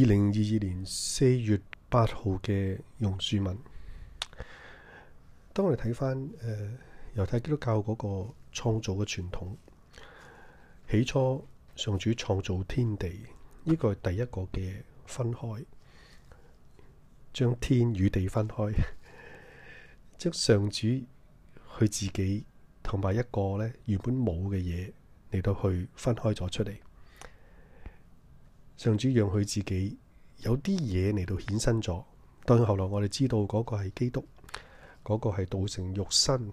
二零二二年四月八號嘅榕樹文，當我哋睇翻，誒，猶太基督教嗰個創造嘅傳統，起初上主創造天地，呢個係第一個嘅分開，將天與地分開，即上主佢自己同埋一個咧原本冇嘅嘢，嚟到去分開咗出嚟。上主讓佢自己有啲嘢嚟到顯身咗，但後來我哋知道嗰個係基督，嗰個係道成肉身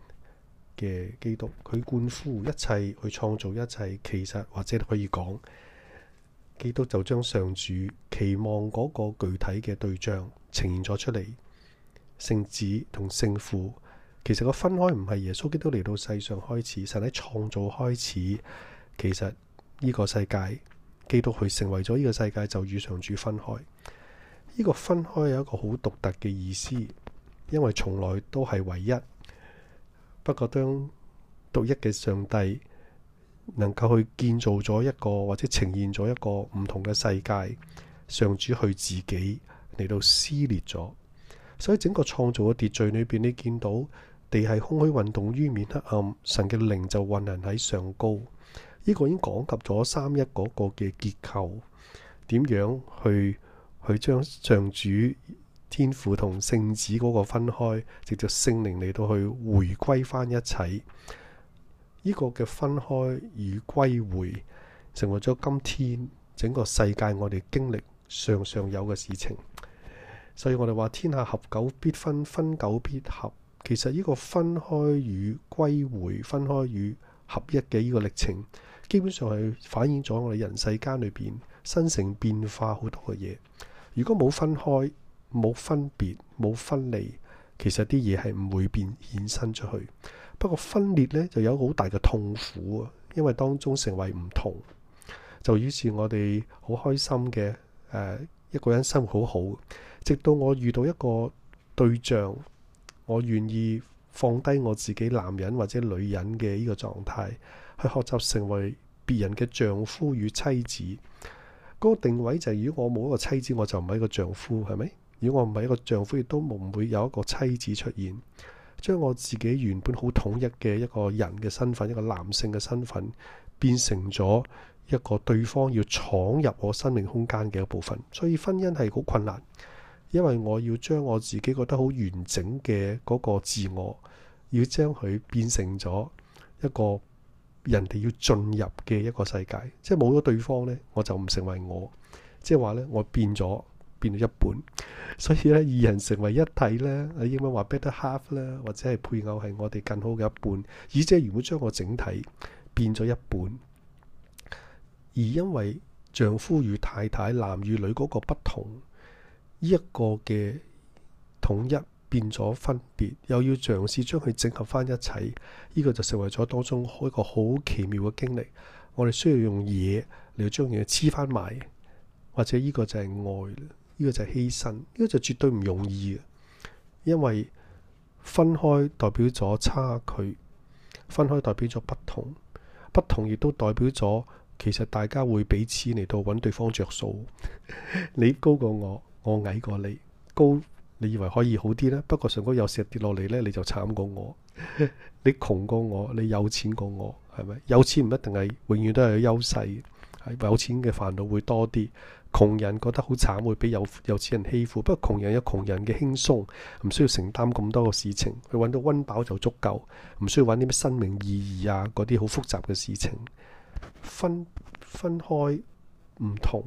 嘅基督。佢灌夫一切去創造一切，其實或者可以講，基督就將上主期望嗰個具體嘅對象呈現咗出嚟，聖子同聖父。其實個分開唔係耶穌基督嚟到世上開始，神喺創造開始，其實呢個世界。基督佢成為咗呢個世界，就與上主分開。呢、這個分開有一個好獨特嘅意思，因為從來都係唯一。不過當獨一嘅上帝能夠去建造咗一個或者呈現咗一個唔同嘅世界，上主去自己嚟到撕裂咗。所以整個創造嘅秩序裏邊，你見到地係空虛運動於，面黑暗，神嘅靈就運行喺上高。呢個已經講及咗三一嗰個嘅結構，點樣去去將上主天父同聖子嗰個分開，直接聖靈嚟到去回歸翻一齊。呢個嘅分開與歸回，成為咗今天整個世界我哋經歷上上有嘅事情。所以我哋話天下合久必分，分久必合。其實呢個分開與歸回，分開與合一嘅呢個歷程。基本上係反映咗我哋人世間裏邊生成變化好多嘅嘢。如果冇分開、冇分別、冇分離，其實啲嘢係唔會變衍生出去。不過分裂呢就有好大嘅痛苦啊，因為當中成為唔同。就於是我哋好開心嘅，誒、呃，一個人生活好好，直到我遇到一個對象，我願意放低我自己男人或者女人嘅呢個狀態，去學習成為。別人嘅丈夫與妻子，嗰個定位就係：如果我冇一個妻子，我就唔係一個丈夫，係咪？如果我唔係一個丈夫，亦都唔會有一個妻子出現。將我自己原本好統一嘅一個人嘅身份，一個男性嘅身份，變成咗一個對方要闖入我生命空間嘅一部分。所以婚姻係好困難，因為我要將我自己覺得好完整嘅嗰個自我，要將佢變成咗一個。人哋要進入嘅一個世界，即係冇咗對方呢，我就唔成為我，即係話呢，我變咗變咗一半，所以呢，二人成為一體呢，英文話 better half 呢，或者係配偶係我哋更好嘅一半。而即係如果將我整體變咗一半，而因為丈夫與太太、男與女嗰個不同，呢一個嘅統一。變咗分別，又要嘗試將佢整合翻一齊，呢、這個就成為咗當中一個好奇妙嘅經歷。我哋需要用嘢嚟將嘢黐翻埋，或者呢個就係愛，呢、這個就係犧牲，呢、這個就絕對唔容易嘅。因為分開代表咗差距，分開代表咗不同，不同亦都代表咗其實大家會彼此嚟到揾對方着數， 你高過我，我矮過你，高。你以為可以好啲呢？不過上高有石跌落嚟呢，你就慘過我， 你窮過我，你有錢過我，係咪？有錢唔一定係永遠都係有優勢，有錢嘅煩惱會多啲。窮人覺得好慘，會俾有有錢人欺負。不過窮人有窮人嘅輕鬆，唔需要承擔咁多嘅事情，去揾到温飽就足夠，唔需要揾啲咩生命意義啊嗰啲好複雜嘅事情。分分開唔同。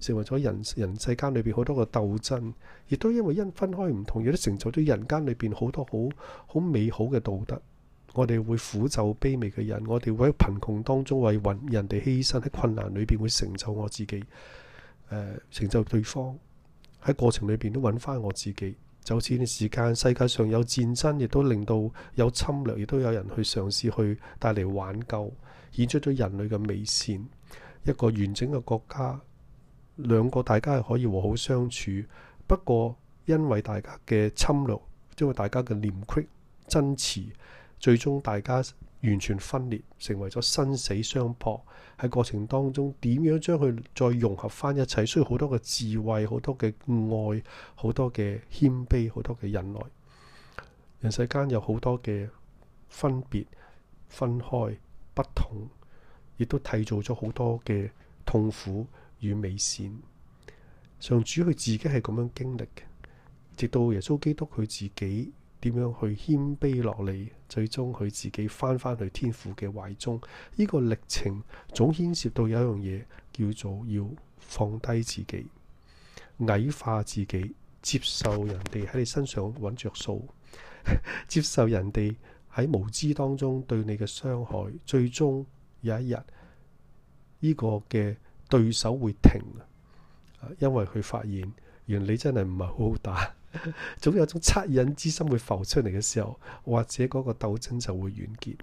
成為咗人人世間裏邊好多個鬥爭，亦都因為因分開唔同，亦都成就咗人間裏邊好多好好美好嘅道德。我哋會苦就卑微嘅人，我哋會喺貧窮當中為人哋犧牲，喺困難裏邊會成就我自己。誒、呃，成就對方，喺過程裏邊都揾翻我自己。就此呢時間，世界上有戰爭，亦都令到有侵略，亦都有人去嘗試去帶嚟挽救，顯出咗人類嘅美善。一個完整嘅國家。兩個大家係可以和好相處，不過因為大家嘅侵略，因為大家嘅嫌隙爭持，最終大家完全分裂，成為咗生死相搏。喺過程當中，點樣將佢再融合翻一齊？需要好多嘅智慧，好多嘅愛，好多嘅謙卑，好多嘅忍耐。人世間有好多嘅分別、分開、不同，亦都締造咗好多嘅痛苦。與美善，上主佢自己係咁樣經歷嘅，直到耶穌基督佢自己點樣去謙卑落嚟，最終佢自己翻返去天父嘅懷中。呢個歷程總牽涉到有一樣嘢叫做要放低自己、矮化自己，接受人哋喺你身上揾着數，接受人哋喺無知當中對你嘅傷害。最終有一日，呢個嘅。對手會停，因為佢發現，原來真係唔係好好打，總有種惻隱之心會浮出嚟嘅時候，或者嗰個鬥爭就會完結。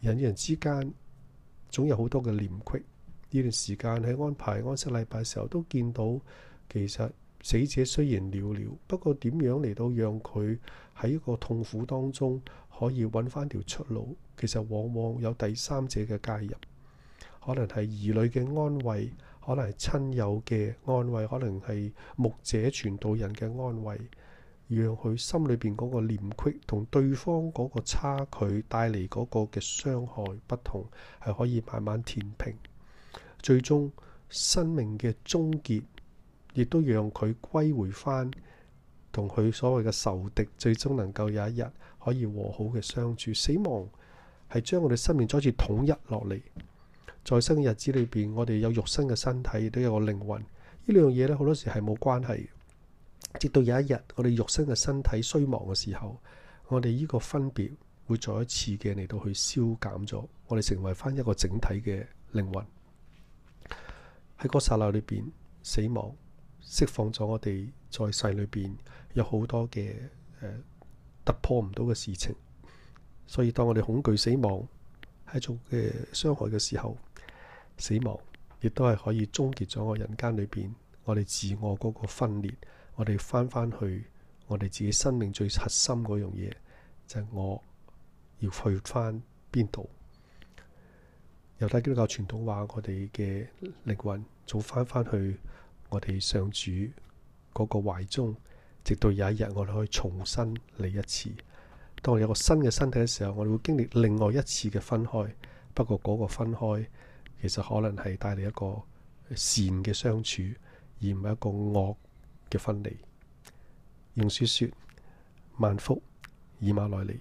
人與人之間總有好多嘅嫌隙，呢段時間喺安排安息禮拜嘅時候，都見到其實死者雖然了了，不過點樣嚟到讓佢喺一個痛苦當中可以揾翻條出路，其實往往有第三者嘅介入。可能係兒女嘅安慰，可能係親友嘅安慰，可能係牧者傳道人嘅安慰，讓佢心裏邊嗰個嫌隙同對方嗰個差距帶嚟嗰個嘅傷害不同，係可以慢慢填平。最終生命嘅終結，亦都讓佢歸回返同佢所謂嘅仇敵，最終能夠有一日可以和好嘅相處。死亡係將我哋生命再次統一落嚟。在生嘅日子裏邊，我哋有肉身嘅身體，亦都有個靈魂。呢兩樣嘢咧，好多時係冇關係。直到有一日，我哋肉身嘅身體衰亡嘅時候，我哋呢個分別會再一次嘅嚟到去消減咗，我哋成為翻一個整體嘅靈魂。喺嗰剎那裏邊，死亡釋放咗我哋在世裏邊有好多嘅、呃、突破唔到嘅事情。所以當我哋恐懼死亡係一種嘅傷害嘅時候，死亡亦都係可以終結咗我人間裏邊我哋自我嗰個分裂，我哋翻翻去我哋自己生命最核心嗰樣嘢，就係、是、我要去翻邊度。猶太基督教傳統話，我哋嘅靈魂早翻翻去我哋上主嗰個懷中，直到有一日我哋可以重新嚟一次。當我有個新嘅身體嘅時候，我哋會經歷另外一次嘅分開，不過嗰個分開。其實可能係帶嚟一個善嘅相處，而唔係一個惡嘅分離。用書説：萬福以馬內利。